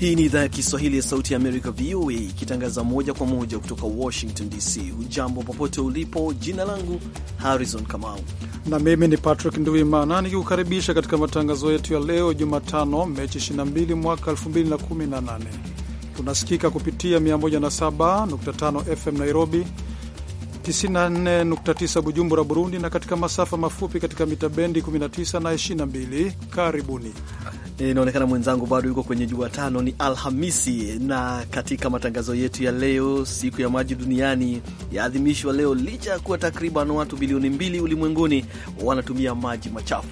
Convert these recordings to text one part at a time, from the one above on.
Hii ni idhaa ya Kiswahili ya Sauti ya Amerika, VOA, ikitangaza moja kwa moja kutoka Washington DC. Ujambo popote ulipo. Jina langu Harrison Kamau na mimi ni Patrick Nduimana nikikukaribisha katika matangazo yetu ya leo Jumatano, Mechi 22 mwaka 2018. Tunasikika kupitia 107.5 FM Nairobi, 94.9 Bujumbura, Burundi, na katika masafa mafupi katika mita bendi 19 na 22. Karibuni Inaonekana mwenzangu bado yuko kwenye Jumatano, ni Alhamisi, na katika matangazo yetu ya leo, siku ya maji duniani yaadhimishwa leo licha ya kuwa takriban watu bilioni mbili ulimwenguni wanatumia maji machafu.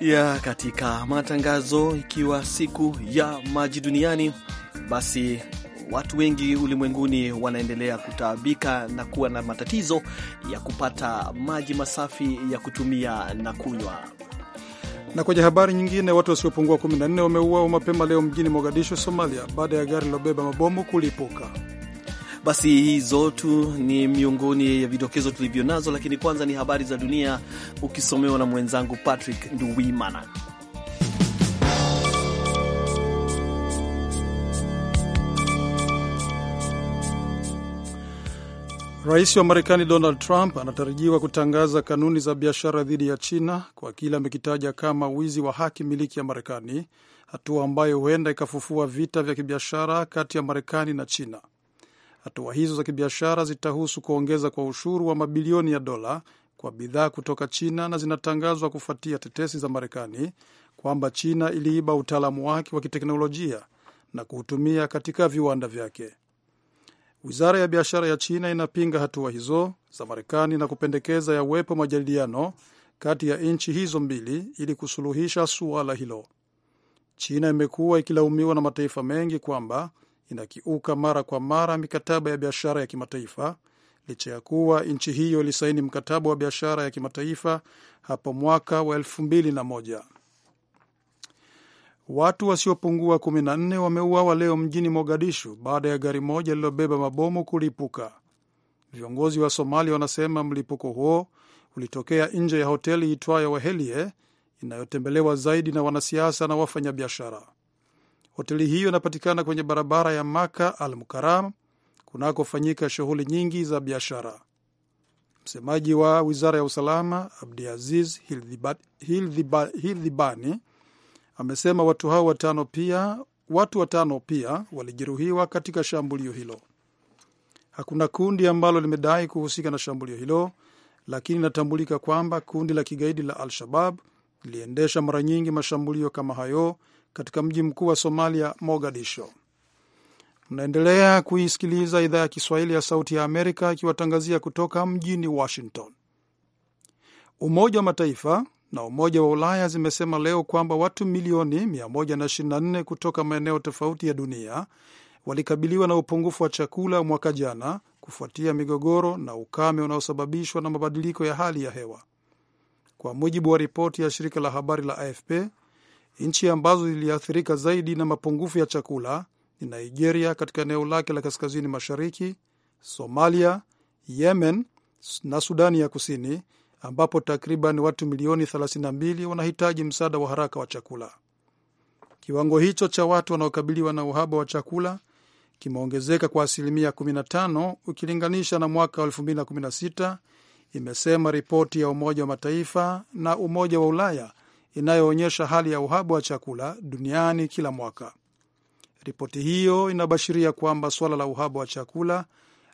ya katika matangazo, ikiwa siku ya maji duniani, basi watu wengi ulimwenguni wanaendelea kutaabika na kuwa na matatizo ya kupata maji masafi ya kutumia na kunywa. Na kwenye habari nyingine, watu wasiopungua 14 wameuawa mapema leo mjini Mogadishu, Somalia, baada ya gari lilobeba mabomu kulipuka. Basi hizo tu ni miongoni ya vidokezo tulivyo nazo, lakini kwanza ni habari za dunia ukisomewa na mwenzangu Patrick Nduwimana. Rais wa Marekani Donald Trump anatarajiwa kutangaza kanuni za biashara dhidi ya China kwa kile amekitaja kama wizi wa haki miliki ya Marekani, hatua ambayo huenda ikafufua vita vya kibiashara kati ya Marekani na China. Hatua hizo za kibiashara zitahusu kuongeza kwa ushuru wa mabilioni ya dola kwa bidhaa kutoka China na zinatangazwa kufuatia tetesi za Marekani kwamba China iliiba utaalamu wake wa kiteknolojia na kuutumia katika viwanda vyake. Wizara ya biashara ya China inapinga hatua hizo za Marekani na kupendekeza yawepo majadiliano kati ya nchi hizo mbili ili kusuluhisha suala hilo. China imekuwa ikilaumiwa na mataifa mengi kwamba inakiuka mara kwa mara mikataba ya biashara ya kimataifa licha ya kuwa nchi hiyo ilisaini mkataba wa biashara ya kimataifa hapo mwaka wa elfu mbili na moja. Watu wasiopungua 14 wameuawa leo mjini Mogadishu baada ya gari moja lililobeba mabomu kulipuka. Viongozi wa Somalia wanasema mlipuko huo ulitokea nje ya hoteli itwayo Wahelie inayotembelewa zaidi na wanasiasa na wafanyabiashara. Hoteli hiyo inapatikana kwenye barabara ya Maka al Mukaram kunakofanyika shughuli nyingi za biashara. Msemaji wa wizara ya usalama Abdiaziz Hildhibani amesema watu hao watano pia watu watano pia walijeruhiwa katika shambulio hilo. Hakuna kundi ambalo limedai kuhusika na shambulio hilo, lakini inatambulika kwamba kundi la kigaidi la Al-Shabab liliendesha mara nyingi mashambulio kama hayo katika mji mkuu wa Somalia, Mogadisho. Mnaendelea kuisikiliza idhaa ya Kiswahili ya Sauti ya Amerika ikiwatangazia kutoka mjini Washington. Umoja wa Mataifa na Umoja wa Ulaya zimesema leo kwamba watu milioni 124 kutoka maeneo tofauti ya dunia walikabiliwa na upungufu wa chakula mwaka jana kufuatia migogoro na ukame unaosababishwa na mabadiliko ya hali ya hewa. Kwa mujibu wa ripoti ya shirika la habari la AFP, nchi ambazo ziliathirika zaidi na mapungufu ya chakula ni Nigeria katika eneo lake la kaskazini mashariki, Somalia, Yemen na Sudani ya Kusini, ambapo takriban watu milioni 32 wanahitaji msaada wa haraka wa chakula. Kiwango hicho cha watu wanaokabiliwa na uhaba wa chakula kimeongezeka kwa asilimia 15 ukilinganisha na mwaka 2016, imesema ripoti ya Umoja wa Mataifa na Umoja wa Ulaya inayoonyesha hali ya uhaba wa chakula duniani kila mwaka. Ripoti hiyo inabashiria kwamba suala la uhaba wa chakula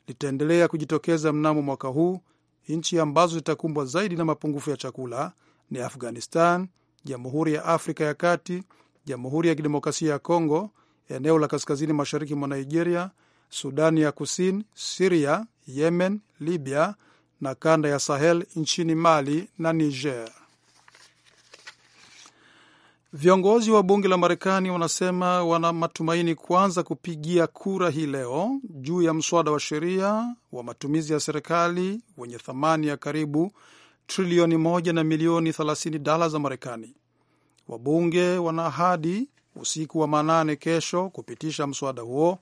litaendelea kujitokeza mnamo mwaka huu Nchi ambazo zitakumbwa zaidi na mapungufu ya chakula ni Afghanistan, Jamhuri ya Afrika ya Kati, Jamhuri ya Kidemokrasia ya Kongo, eneo la kaskazini mashariki mwa Nigeria, Sudani ya Kusini, Siria, Yemen, Libya na kanda ya Sahel nchini Mali na Niger. Viongozi wa bunge la Marekani wanasema wana matumaini kuanza kupigia kura hii leo juu ya mswada wa sheria wa matumizi ya serikali wenye thamani ya karibu trilioni moja na milioni 30 dola za Marekani. Wabunge wana ahadi usiku wa manane kesho kupitisha mswada huo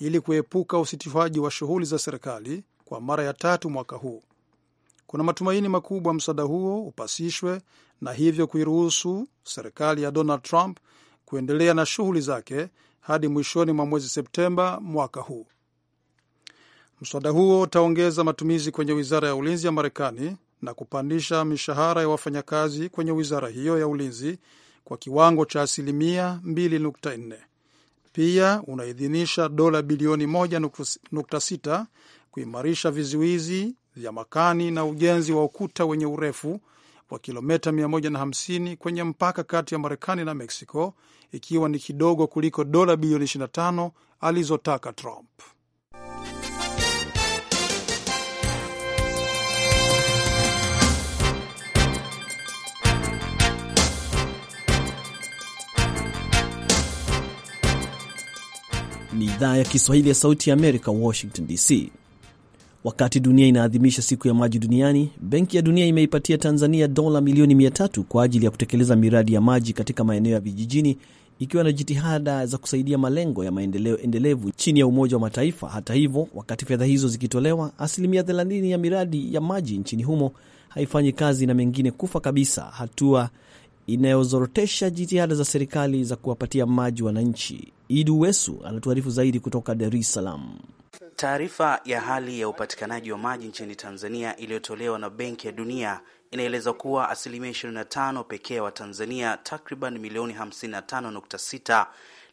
ili kuepuka usitishwaji wa shughuli za serikali kwa mara ya tatu mwaka huu. Kuna matumaini makubwa mswada huo upasishwe na hivyo kuiruhusu serikali ya Donald Trump kuendelea na shughuli zake hadi mwishoni mwa mwezi Septemba mwaka huu. Mswada huo utaongeza matumizi kwenye wizara ya ulinzi ya Marekani na kupandisha mishahara ya wafanyakazi kwenye wizara hiyo ya ulinzi kwa kiwango cha asilimia 2.4. Pia unaidhinisha dola bilioni 1.6 kuimarisha vizuizi vya makani na ujenzi wa ukuta wenye urefu wa kilomita 150 kwenye mpaka kati ya Marekani na Meksiko, ikiwa ni kidogo kuliko dola bilioni 25 alizotaka Trump. Ni idhaa ya Kiswahili ya Sauti ya Amerika, Washington DC. Wakati dunia inaadhimisha siku ya maji duniani, Benki ya Dunia imeipatia Tanzania dola milioni mia tatu kwa ajili ya kutekeleza miradi ya maji katika maeneo ya vijijini, ikiwa na jitihada za kusaidia malengo ya maendeleo endelevu chini ya Umoja wa Mataifa. Hata hivyo, wakati fedha hizo zikitolewa, asilimia 30 ya miradi ya maji nchini humo haifanyi kazi na mengine kufa kabisa, hatua inayozorotesha jitihada za serikali za kuwapatia maji wananchi. Idu Wesu anatuarifu zaidi kutoka Dar es Salaam. Taarifa ya hali ya upatikanaji wa maji nchini Tanzania iliyotolewa na Benki ya Dunia inaeleza kuwa asilimia 25 pekee wa Tanzania takriban milioni 55.6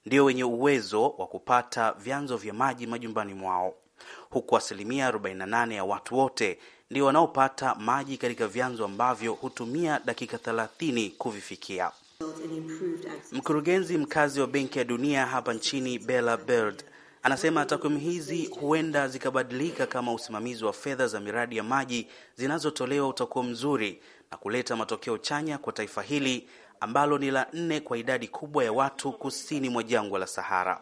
ndio wenye uwezo wa kupata vyanzo vya maji majumbani mwao, huku asilimia 48 ya watu wote ndio wanaopata maji katika vyanzo ambavyo hutumia dakika 30 kuvifikia. Mkurugenzi mkazi wa Benki ya Dunia hapa nchini Bella Bird Anasema takwimu hizi huenda zikabadilika kama usimamizi wa fedha za miradi ya maji zinazotolewa utakuwa mzuri na kuleta matokeo chanya kwa taifa hili ambalo ni la nne kwa idadi kubwa ya watu kusini mwa jangwa la Sahara.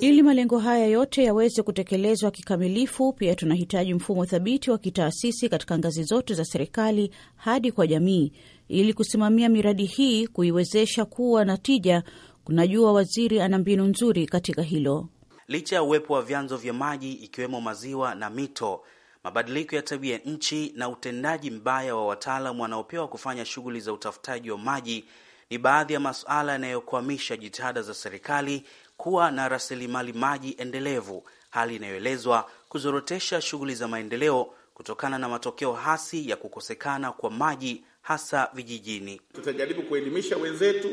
Ili malengo haya yote yaweze kutekelezwa kikamilifu, pia tunahitaji mfumo thabiti wa kitaasisi katika ngazi zote za serikali hadi kwa jamii, ili kusimamia miradi hii, kuiwezesha kuwa na tija Kunajua waziri ana mbinu nzuri katika hilo. Licha ya uwepo wa vyanzo vya maji ikiwemo maziwa na mito, mabadiliko ya tabia nchi na utendaji mbaya wa wataalam wanaopewa kufanya shughuli za utafutaji wa maji ni baadhi ya masuala yanayokwamisha jitihada za serikali kuwa na rasilimali maji endelevu, hali inayoelezwa kuzorotesha shughuli za maendeleo kutokana na matokeo hasi ya kukosekana kwa maji hasa vijijini. Tutajaribu kuelimisha wenzetu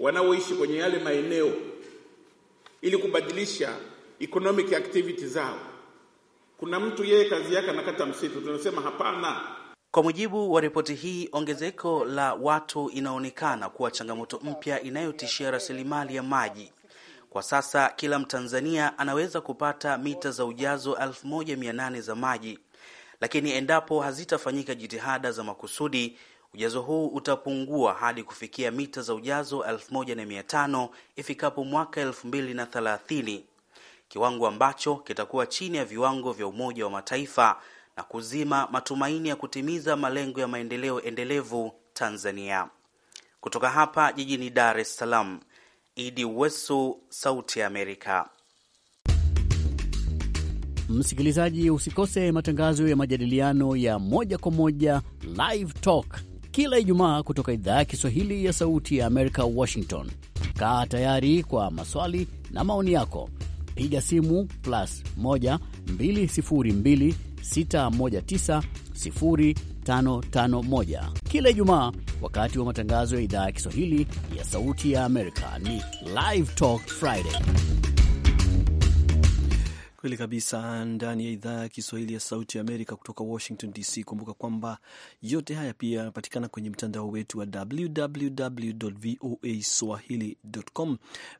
wanaoishi kwenye yale maeneo ili kubadilisha economic activity zao. Kuna mtu yeye kazi yake anakata msitu, tunasema hapana. Kwa mujibu wa ripoti hii, ongezeko la watu inaonekana kuwa changamoto mpya inayotishia rasilimali ya maji. Kwa sasa kila Mtanzania anaweza kupata mita za ujazo 1800 za maji, lakini endapo hazitafanyika jitihada za makusudi, Ujazo huu utapungua hadi kufikia mita za ujazo 1500 ifikapo mwaka 2030, kiwango ambacho kitakuwa chini ya viwango vya Umoja wa Mataifa na kuzima matumaini ya kutimiza malengo ya maendeleo endelevu Tanzania. Kutoka hapa jijini Dar es Salaam, Idi Wesu, Sauti ya Amerika. Msikilizaji, usikose matangazo ya majadiliano ya moja kwa moja Live Talk kila Ijumaa kutoka idhaa ya Kiswahili ya Sauti ya Amerika, Washington. Kaa tayari kwa maswali na maoni yako, piga simu plus 1 kila Ijumaa wakati wa matangazo ya idhaa ya Kiswahili ya Sauti ya Amerika. Ni Live Talk Friday. Kweli kabisa, ndani ya idhaa ya Kiswahili ya Sauti ya Amerika kutoka Washington DC. Kumbuka kwamba yote haya pia yanapatikana kwenye mtandao wetu wa www voa swahili.com,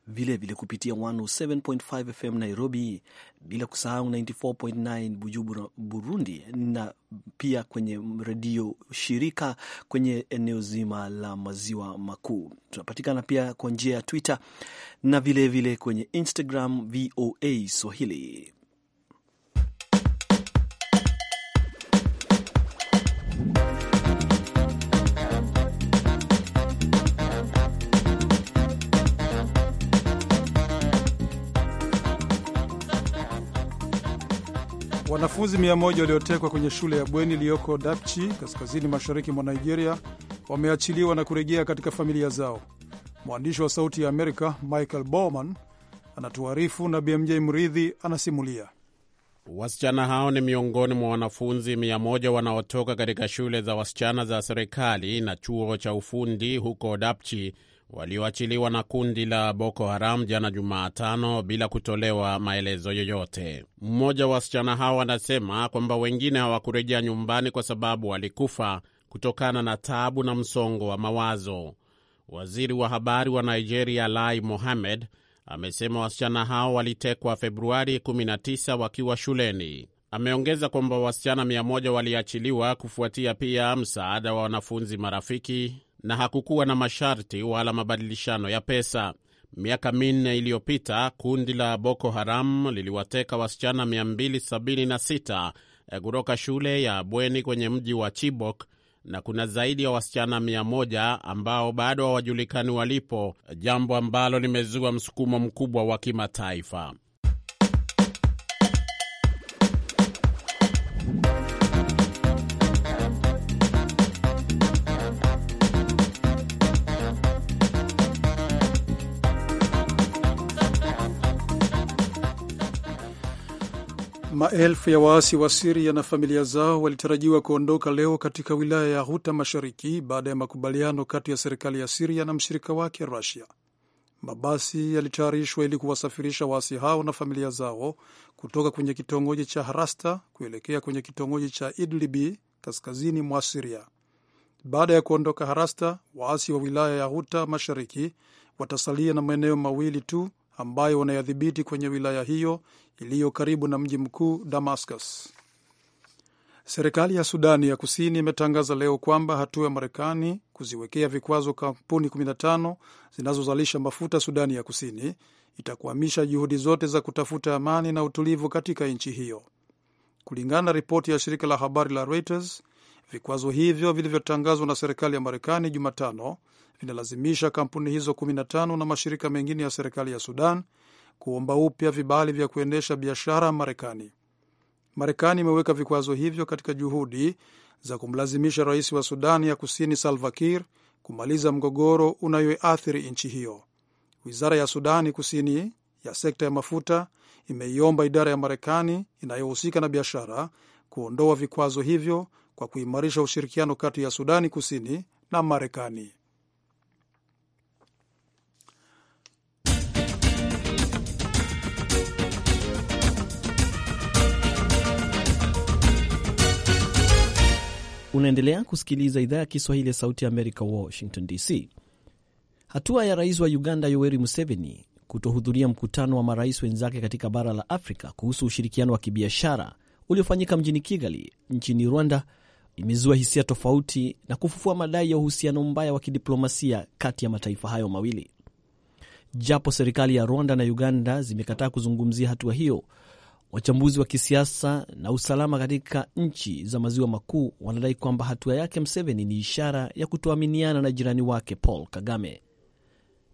vilevile kupitia 107.5 FM Nairobi, bila kusahau 94.9 Bujumbura, Burundi, na pia kwenye redio shirika kwenye eneo zima la maziwa makuu. Tunapatikana pia kwa njia ya Twitter na vilevile vile kwenye Instagram VOA Swahili. Wanafunzi 1 waliotekwa kwenye shule ya bweni iliyoko Dapchi, kaskazini mashariki mwa Nigeria, wameachiliwa na kurejea katika familia zao. Mwandishi wa Sauti ya Amerika Michael Bowman anatuarifu na BMJ Mridhi anasimulia. Wasichana hao ni miongoni mwa wanafunzi mia moja wanaotoka katika shule za wasichana za serikali na chuo cha ufundi huko Dapchi walioachiliwa na kundi la Boko Haram jana Jumatano bila kutolewa maelezo yoyote. Mmoja wa wasichana hao anasema kwamba wengine hawakurejea nyumbani kwa sababu walikufa kutokana na taabu na msongo wa mawazo. Waziri wa habari wa Nigeria Lai Mohammed amesema wasichana hao walitekwa Februari 19 wakiwa shuleni. Ameongeza kwamba wasichana 100 waliachiliwa kufuatia pia msaada wa wanafunzi marafiki na hakukuwa na masharti wala mabadilishano ya pesa. Miaka minne iliyopita kundi la Boko Haram liliwateka wasichana 276 eh, kutoka shule ya bweni kwenye mji wa Chibok na kuna zaidi ya wasichana 1 ambao bado hawajulikani walipo, jambo ambalo limezua msukumo mkubwa wa kimataifa. Maelfu ya waasi wa Siria na familia zao walitarajiwa kuondoka leo katika wilaya ya Ghuta Mashariki baada ya makubaliano kati ya serikali ya Siria na mshirika wake Rusia. Mabasi yalitayarishwa ili kuwasafirisha waasi hao na familia zao kutoka kwenye kitongoji cha Harasta kuelekea kwenye kitongoji cha Idlibi kaskazini mwa Siria. Baada ya kuondoka Harasta, waasi wa wilaya ya Ghuta Mashariki watasalia na maeneo mawili tu ambayo wanayadhibiti kwenye wilaya hiyo iliyo karibu na mji mkuu Damascus. Serikali ya Sudani ya Kusini imetangaza leo kwamba hatua ya Marekani kuziwekea vikwazo kampuni 15 zinazozalisha mafuta Sudani ya Kusini itakwamisha juhudi zote za kutafuta amani na utulivu katika nchi hiyo. Kulingana na ripoti ya shirika la habari la Reuters, vikwazo hivyo vilivyotangazwa na serikali ya Marekani Jumatano linalazimisha kampuni hizo 15 na mashirika mengine ya serikali ya Sudan kuomba upya vibali vya kuendesha biashara Marekani. Marekani imeweka vikwazo hivyo katika juhudi za kumlazimisha rais wa Sudani ya Kusini Salva Kiir kumaliza mgogoro unayoathiri nchi hiyo. Wizara ya Sudani Kusini ya sekta ya mafuta imeiomba idara ya Marekani inayohusika na biashara kuondoa vikwazo hivyo kwa kuimarisha ushirikiano kati ya Sudani Kusini na Marekani. Unaendelea kusikiliza idhaa ya Kiswahili ya Sauti ya Amerika, Washington DC. Hatua ya rais wa Uganda Yoweri Museveni kutohudhuria mkutano wa marais wenzake katika bara la Afrika kuhusu ushirikiano wa kibiashara uliofanyika mjini Kigali nchini Rwanda imezua hisia tofauti na kufufua madai ya uhusiano mbaya wa kidiplomasia kati ya mataifa hayo mawili. Japo serikali ya Rwanda na Uganda zimekataa kuzungumzia hatua hiyo, Wachambuzi wa kisiasa na usalama katika nchi za maziwa makuu wanadai kwamba hatua yake mseveni ni ishara ya kutoaminiana na jirani wake Paul Kagame.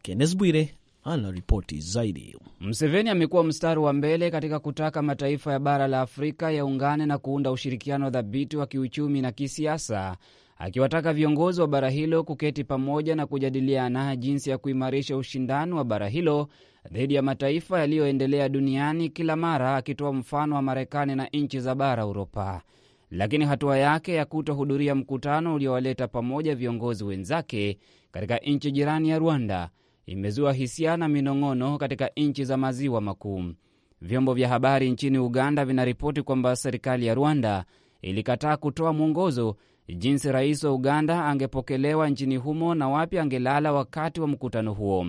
Kennes Bwire anaripoti zaidi. mseveni amekuwa mstari wa mbele katika kutaka mataifa ya bara la Afrika yaungane na kuunda ushirikiano dhabiti wa kiuchumi na kisiasa, akiwataka viongozi wa bara hilo kuketi pamoja na kujadiliana jinsi ya kuimarisha ushindani wa bara hilo dhidi ya mataifa yaliyoendelea duniani, kila mara akitoa mfano wa Marekani na nchi za bara Uropa. Lakini hatua yake ya kutohudhuria mkutano uliowaleta pamoja viongozi wenzake katika nchi jirani ya Rwanda imezua hisia na minong'ono katika nchi za maziwa makuu. Vyombo vya habari nchini Uganda vinaripoti kwamba serikali ya Rwanda ilikataa kutoa mwongozo jinsi rais wa Uganda angepokelewa nchini humo na wapi angelala wakati wa mkutano huo.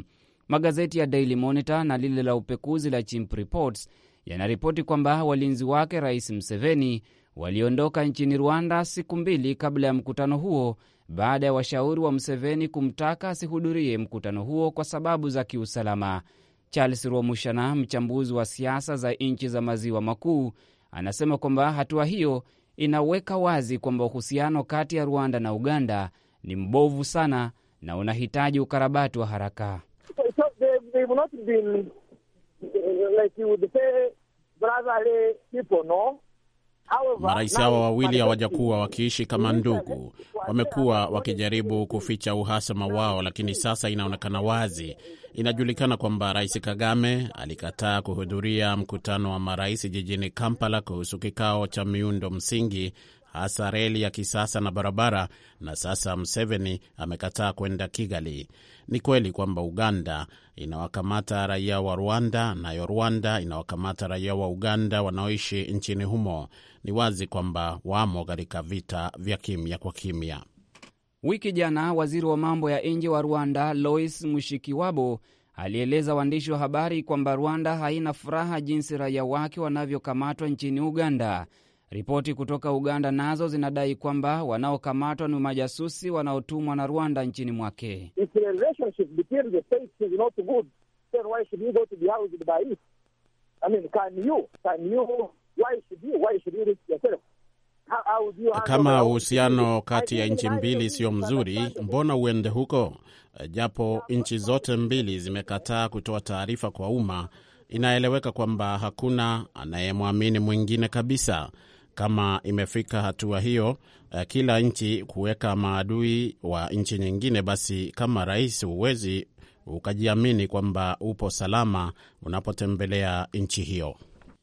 Magazeti ya Daily Monitor na lile la upekuzi la Chimp Reports yanaripoti kwamba walinzi wake Rais Mseveni waliondoka nchini Rwanda siku mbili kabla ya mkutano huo baada ya washauri wa Mseveni kumtaka asihudhurie mkutano huo kwa sababu za kiusalama. Charles Rwamushana, mchambuzi wa siasa za nchi za maziwa makuu, anasema kwamba hatua hiyo inaweka wazi kwamba uhusiano kati ya Rwanda na Uganda ni mbovu sana na unahitaji ukarabati wa haraka they will not be like you would say brotherly people, no? Marais hawa wawili hawajakuwa wakiishi kama ndugu, eh, wamekuwa eh, wakijaribu eh, kuficha uhasama wao, lakini sasa inaonekana wazi. Inajulikana kwamba Rais Kagame alikataa kuhudhuria mkutano wa marais jijini Kampala kuhusu kikao cha miundo msingi, hasa reli ya kisasa na barabara, na sasa Museveni amekataa kwenda Kigali. Ni kweli kwamba Uganda inawakamata raia wa Rwanda, nayo Rwanda inawakamata raia wa Uganda wanaoishi nchini humo. Ni wazi kwamba wamo katika vita vya kimya kwa kimya. Wiki jana waziri wa mambo ya nje wa Rwanda Lois Mushikiwabo alieleza waandishi wa habari kwamba Rwanda haina furaha jinsi raia wake wanavyokamatwa nchini Uganda. Ripoti kutoka Uganda nazo zinadai kwamba wanaokamatwa ni majasusi wanaotumwa na Rwanda nchini mwake. Kama uhusiano kati ya nchi mbili siyo mzuri, mbona uende huko? Japo nchi zote mbili zimekataa kutoa taarifa kwa umma, inaeleweka kwamba hakuna anayemwamini mwingine kabisa kama imefika hatua hiyo, uh, kila nchi kuweka maadui wa nchi nyingine, basi kama rais huwezi ukajiamini kwamba upo salama unapotembelea nchi hiyo.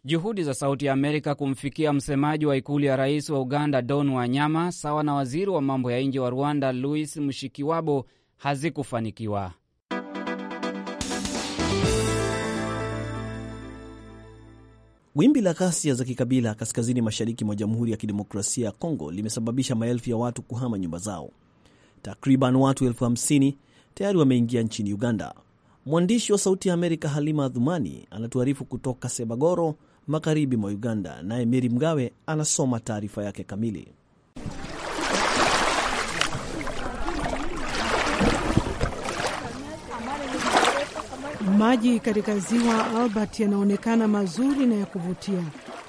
Juhudi za Sauti ya Amerika kumfikia msemaji wa ikulu ya rais wa Uganda Don Wanyama sawa na waziri wa mambo ya nje wa Rwanda Louis Mushikiwabo hazikufanikiwa. Wimbi la ghasia za kikabila kaskazini mashariki mwa Jamhuri ya Kidemokrasia ya Kongo limesababisha maelfu ya watu kuhama nyumba zao. Takriban watu elfu hamsini tayari wameingia nchini Uganda. Mwandishi wa Sauti ya Amerika Halima Adhumani anatuarifu kutoka Sebagoro, magharibi mwa Uganda, naye Meri Mgawe anasoma taarifa yake kamili. Maji katika ziwa Albert yanaonekana mazuri na ya kuvutia,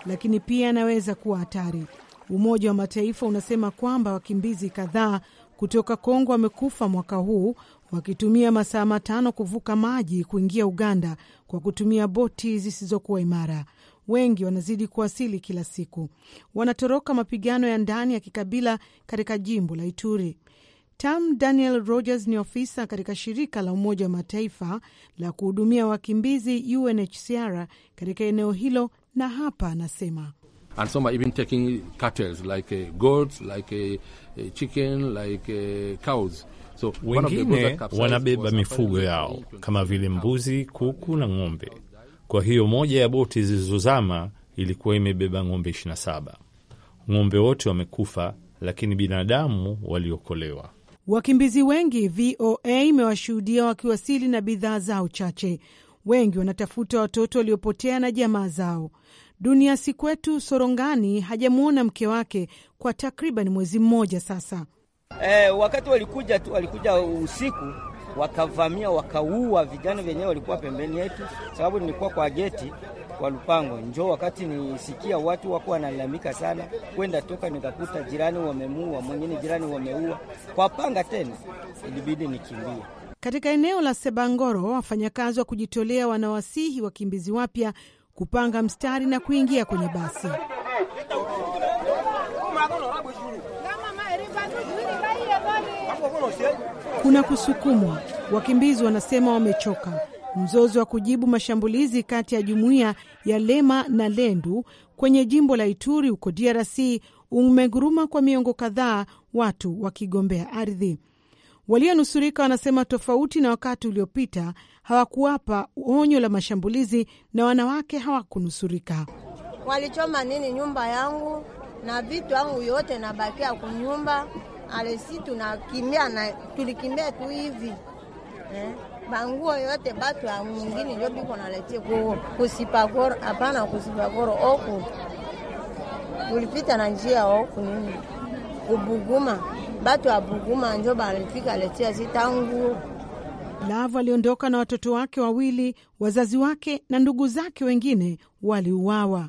lakini pia yanaweza kuwa hatari. Umoja wa Mataifa unasema kwamba wakimbizi kadhaa kutoka Kongo wamekufa mwaka huu wakitumia masaa matano kuvuka maji kuingia Uganda kwa kutumia boti zisizokuwa imara. Wengi wanazidi kuwasili kila siku, wanatoroka mapigano ya ndani ya kikabila katika jimbo la Ituri. Tam Daniel Rogers ni ofisa katika shirika la Umoja wa Mataifa la kuhudumia wakimbizi UNHCR katika eneo hilo, na hapa anasema wengine wanabeba mifugo yao kama vile mbuzi, kuku na ng'ombe. Kwa hiyo moja ya boti zilizozama ilikuwa imebeba ng'ombe 27. Ng'ombe wote wamekufa, lakini binadamu waliokolewa. Wakimbizi wengi VOA imewashuhudia wakiwasili na bidhaa zao chache. Wengi wanatafuta watoto waliopotea na jamaa zao. Dunia Sikwetu Sorongani hajamwona mke wake kwa takriban mwezi mmoja sasa. Eh, wakati walikuja tu, walikuja usiku wakavamia, wakaua vijana wenyewe walikuwa pembeni yetu, sababu nilikuwa kwa geti, kwa Lupango njo wakati nisikia watu wako wanalalamika sana, kwenda toka nikakuta jirani wamemua mwingine, jirani wameua kwa panga, tena ilibidi nikimbie. Katika eneo la Sebangoro, wafanyakazi wa kujitolea wanawasihi wakimbizi wapya kupanga mstari na kuingia kwenye basi. Kuna kusukumwa, wakimbizi wanasema wamechoka mzozo wa kujibu mashambulizi kati ya jumuiya ya Lema na Lendu kwenye jimbo la Ituri huko DRC umeguruma kwa miongo kadhaa, watu wakigombea ardhi. Walionusurika wanasema tofauti na wakati uliopita, hawakuwapa onyo la mashambulizi na wanawake hawakunusurika. Walichoma nini nyumba yangu na vitu yangu yote, nabakia kunyumba alesi, tunakimbia na tulikimbia tu hivi eh? banguo yote batu ya mungini njo biko naletie kusipagoro. Hapana, kusipagoro oku ulipita na njia oku nini kubuguma, batu ya buguma njo balifika letia zitanguo. Lavu aliondoka na watoto wake wawili, wazazi wake na ndugu zake wengine waliuawa.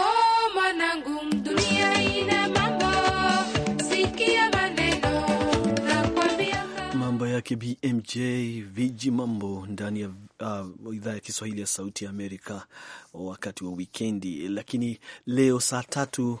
yake BMJ viji mambo ndani ya uh, idhaa ya Kiswahili ya Sauti ya Amerika wakati wa wikendi. Lakini leo saa tatu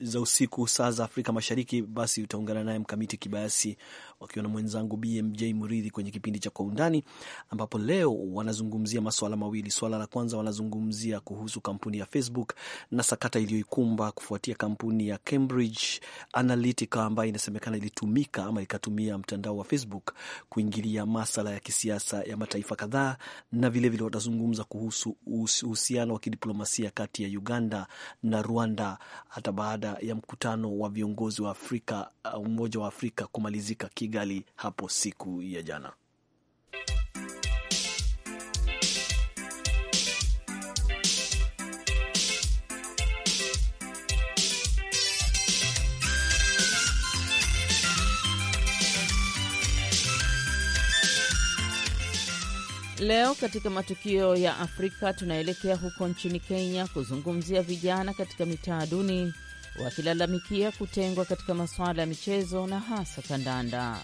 za usiku saa za Afrika Mashariki, basi utaungana naye Mkamiti Kibayasi wakiwa na mwenzangu BMJ Muridhi kwenye kipindi cha Kwa Undani, ambapo leo wanazungumzia masuala mawili. Suala la kwanza wanazungumzia kuhusu kampuni ya Facebook na sakata iliyoikumba kufuatia kampuni ya Cambridge Analytica ambayo inasemekana ilitumika ama ikatumia mtandao wa Facebook kuingilia masala ya kisiasa ya mataifa kadhaa, na vilevile watazungumza kuhusu uhusiano wa kidiplomasia kati ya Uganda na Rwanda hata baada ya mkutano wa viongozi wa Afrika, uh, Umoja wa Afrika kumalizika Kigali hapo siku ya jana. Leo katika matukio ya Afrika tunaelekea huko nchini Kenya kuzungumzia vijana katika mitaa duni wakilalamikia kutengwa katika masuala ya michezo na hasa kandanda.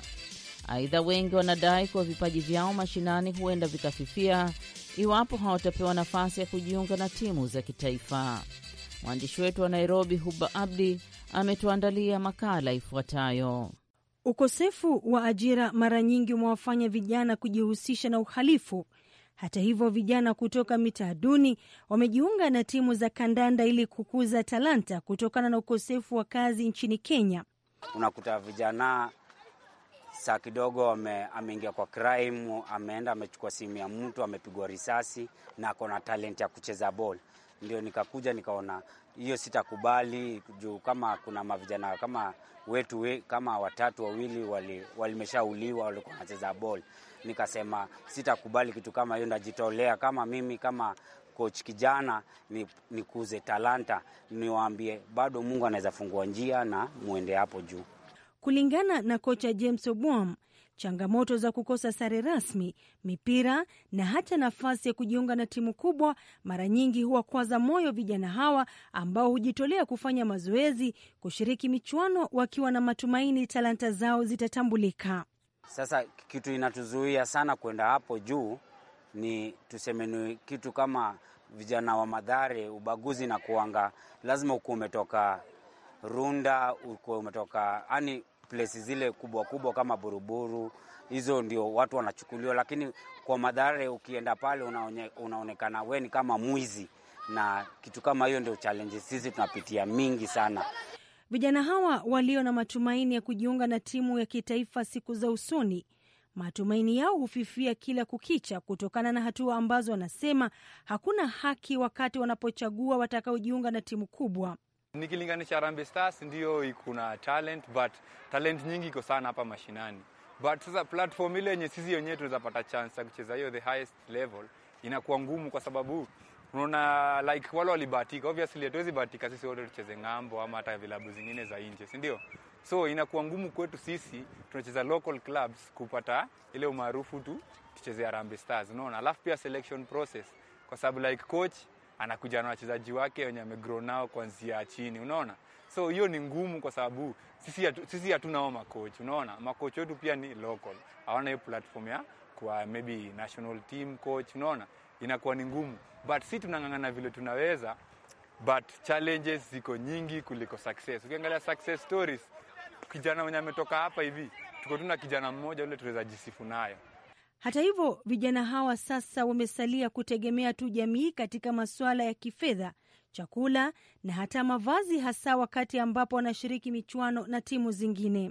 Aidha, wengi wanadai kuwa vipaji vyao mashinani huenda vikafifia iwapo hawatapewa nafasi ya kujiunga na timu za kitaifa. Mwandishi wetu wa Nairobi, Huba Abdi, ametuandalia makala ifuatayo. Ukosefu wa ajira mara nyingi umewafanya vijana kujihusisha na uhalifu hata hivyo, vijana kutoka mitaa duni wamejiunga na timu za kandanda ili kukuza talanta kutokana na ukosefu wa kazi nchini Kenya. Unakuta vijana saa kidogo ameingia kwa crime, ameenda amechukua simu ya mtu, amepigwa risasi na ako na talent ya kucheza bol ndio nikakuja nikaona hiyo sitakubali juu kama kuna mavijana kama wetu we, kama watatu wawili walimeshauliwa walikuwa wanacheza ball. Nikasema sitakubali kitu kama hiyo, najitolea kama mimi kama coach kijana nikuze ni talanta, niwaambie bado Mungu anaweza fungua njia na muende hapo juu. Kulingana na kocha James Obwam changamoto za kukosa sare rasmi, mipira na hata nafasi ya kujiunga na timu kubwa mara nyingi huwakwaza moyo vijana hawa ambao hujitolea kufanya mazoezi, kushiriki michuano wakiwa na matumaini talanta zao zitatambulika. Sasa kitu inatuzuia sana kwenda hapo juu ni tuseme, ni kitu kama vijana wa Madhare, ubaguzi na kuanga, lazima ukuwa umetoka Runda, ukuwa umetoka yani plesi zile kubwa kubwa kama Buruburu, hizo ndio watu wanachukuliwa, lakini kwa madhara ukienda pale unaone, unaonekana we ni kama mwizi na kitu kama hiyo, ndio challenge sisi tunapitia mingi sana. Vijana hawa walio na matumaini ya kujiunga na timu ya kitaifa siku za usoni, matumaini yao hufifia kila kukicha kutokana na hatua ambazo wanasema hakuna haki wakati wanapochagua watakaojiunga na timu kubwa. Nikilinganisha Harambee Stars ndio ikuna talent but talent nyingi iko sana hapa mashinani, but sasa platform ile yenye sisi wenyewe tunaweza pata chance ya kucheza hiyo the highest level inakuwa ngumu, kwa sababu unaona like wale walibahatika, obviously hatuwezi bahatika sisi wote tucheze ng'ambo ama hata vilabu zingine za nje, si ndio? So inakuwa ngumu kwetu sisi tunacheza local clubs kupata ile umaarufu tu tucheze Harambee Stars, unaona. Alafu pia selection process, kwa sababu like coach anakuja na wachezaji wake wenye amegrow nao kuanzia chini, unaona. So hiyo ni ngumu kwa sababu sisi hatu, sisi hatunao makochi, unaona. Makochi wetu pia ni local, hawana hiyo platform ya kwa maybe national team coach, unaona, inakuwa ni ngumu, but si tunang'ang'ana vile tunaweza, but challenges ziko nyingi kuliko success. Ukiangalia success stories, kijana mwenye ametoka hapa hivi, tuko tuna kijana mmoja ule tuweza jisifu nayo hata hivyo, vijana hawa sasa wamesalia kutegemea tu jamii katika masuala ya kifedha, chakula na hata mavazi, hasa wakati ambapo wanashiriki michuano na timu zingine.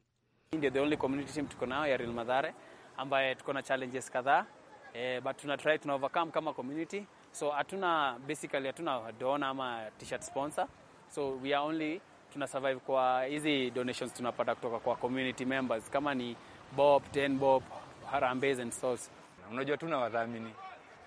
Ndio the only community team tuko nayo ya Real Madhare ambaye tuko na challenges kadhaa eh, but tuna try tuna overcome kama community, so hatuna basically hatuna dona ama t-shirt sponsor, so we are only tuna survive kwa hizi donations tunapata kutoka kwa community members, kama ni bob 10 bob harambee and sauce. Unajua tuna wadhamini,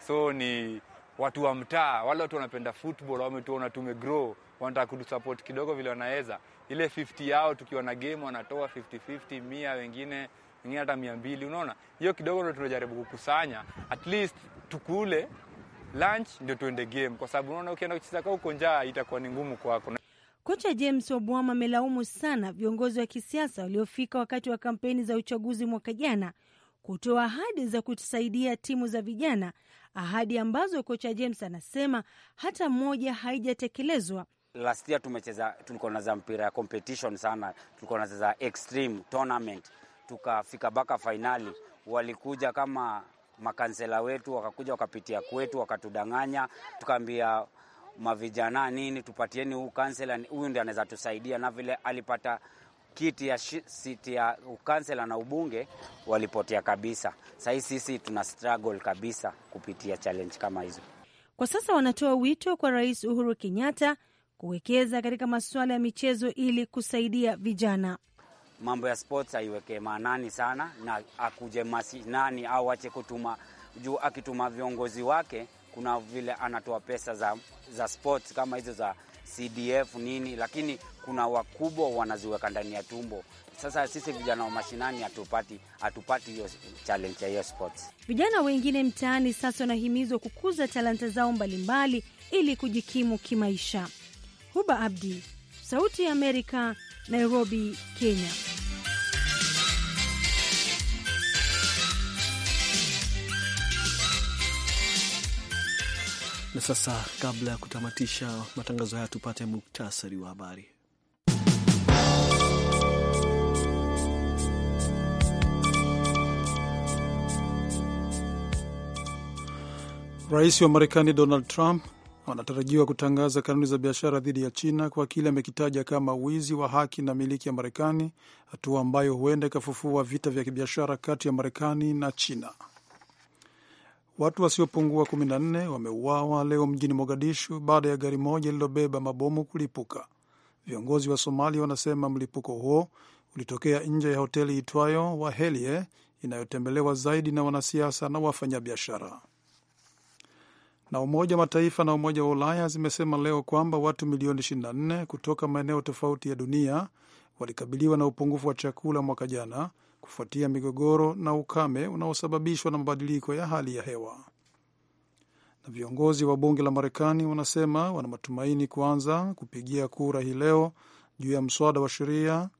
so ni watu wa mtaa, wale watu wanapenda football, wametuona tume grow, wanataka kutusupport kidogo vile wanaweza. Ile 50 yao tukiwa na game wanatoa 50 50, mia wengine wengine hata mia mbili. Unaona, hiyo kidogo ndio tunajaribu kukusanya, at least tukule lunch ndio tuende game, kwa sababu unaona ukienda kucheza kwa huko njaa itakuwa ni ngumu kwako. Kocha James Obuama amelaumu sana viongozi wa kisiasa waliofika wakati wa kampeni za uchaguzi mwaka jana kutoa ahadi za kutusaidia timu za vijana, ahadi ambazo kocha James anasema hata mmoja haijatekelezwa. Last year tumecheza, tulikuwa tunacheza mpira ya competition sana, tulikuwa tunacheza extreme tournament, tukafika mpaka fainali. Walikuja kama makansela wetu, wakakuja wakapitia kwetu, wakatudanganya, tukaambia mavijana nini, tupatieni huu kansela, huyu ndi anaweza tusaidia, na vile alipata kiti ya siti ya ukansela na ubunge walipotea kabisa. Sahii sisi tuna struggle kabisa kupitia challenge kama hizo. Kwa sasa wanatoa wito kwa Rais Uhuru Kenyatta kuwekeza katika masuala ya michezo ili kusaidia vijana. Mambo ya sports aiwekee maanani sana, na akuje mashinani au ache kutuma juu, akituma viongozi wake kuna vile anatoa pesa za, za sports kama hizo za CDF nini, lakini kuna wakubwa wanaziweka ndani ya tumbo. Sasa sisi vijana wa mashinani hatupati hatupati hiyo challenge ya hiyo sports. Vijana wengine mtaani sasa wanahimizwa kukuza talanta zao mbalimbali ili kujikimu kimaisha. Huba Abdi, Sauti ya Amerika, Nairobi, Kenya. Na sasa kabla ya kutamatisha matangazo haya, tupate muktasari wa habari. Rais wa Marekani Donald Trump anatarajiwa kutangaza kanuni za biashara dhidi ya China kwa kile amekitaja kama wizi wa haki na miliki ya Marekani, hatua ambayo huenda ikafufua vita vya kibiashara kati ya Marekani na China. Watu wasiopungua 14 wameuawa leo mjini Mogadishu baada ya gari moja lililobeba mabomu kulipuka. Viongozi wa Somalia wanasema mlipuko huo ulitokea nje ya hoteli itwayo Wahelie inayotembelewa zaidi na wanasiasa na wafanyabiashara. Na Umoja wa Mataifa na Umoja wa Ulaya zimesema leo kwamba watu milioni 24 kutoka maeneo tofauti ya dunia walikabiliwa na upungufu wa chakula mwaka jana kufuatia migogoro na ukame unaosababishwa na mabadiliko ya hali ya hewa. Na viongozi wa bunge la Marekani wanasema wana matumaini kuanza kupigia kura hii leo juu ya mswada wa sheria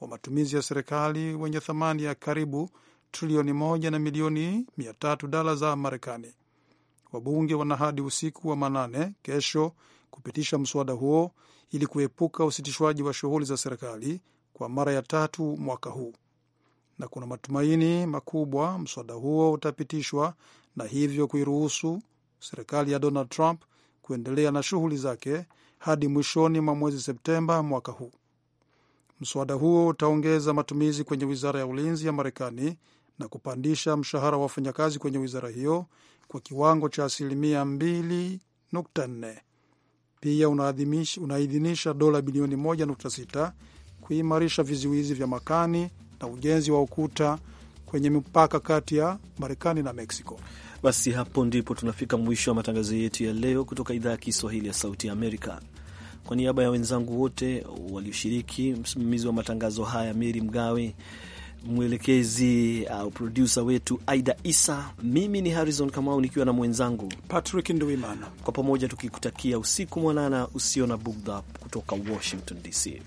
wa matumizi ya serikali wenye thamani ya karibu trilioni moja na milioni mia tatu dola za Marekani. Wabunge wana hadi usiku wa manane kesho kupitisha mswada huo ili kuepuka usitishwaji wa shughuli za serikali kwa mara ya tatu mwaka huu na kuna matumaini makubwa mswada huo utapitishwa na hivyo kuiruhusu serikali ya Donald Trump kuendelea na shughuli zake hadi mwishoni mwa mwezi Septemba mwaka huu. Mswada huo utaongeza matumizi kwenye wizara ya ulinzi ya Marekani na kupandisha mshahara wa wafanyakazi kwenye wizara hiyo kwa kiwango cha asilimia 2.4. Pia unaidhinisha dola bilioni 1.6 kuimarisha vizuizi vya makani na ujenzi wa ukuta kwenye mipaka kati ya Marekani na Mexico. Basi hapo ndipo tunafika mwisho wa matangazo yetu ya leo kutoka idhaa ya Kiswahili ya Sauti ya Amerika. Kwa niaba ya wenzangu wote walioshiriki, msimamizi wa matangazo haya Meri Mgawe, mwelekezi au uh, produsa wetu Aida Isa, mimi ni Harrison Kamau nikiwa na mwenzangu Patrick Nduimana, kwa pamoja tukikutakia usiku mwanana usio na bugdha kutoka Washington DC.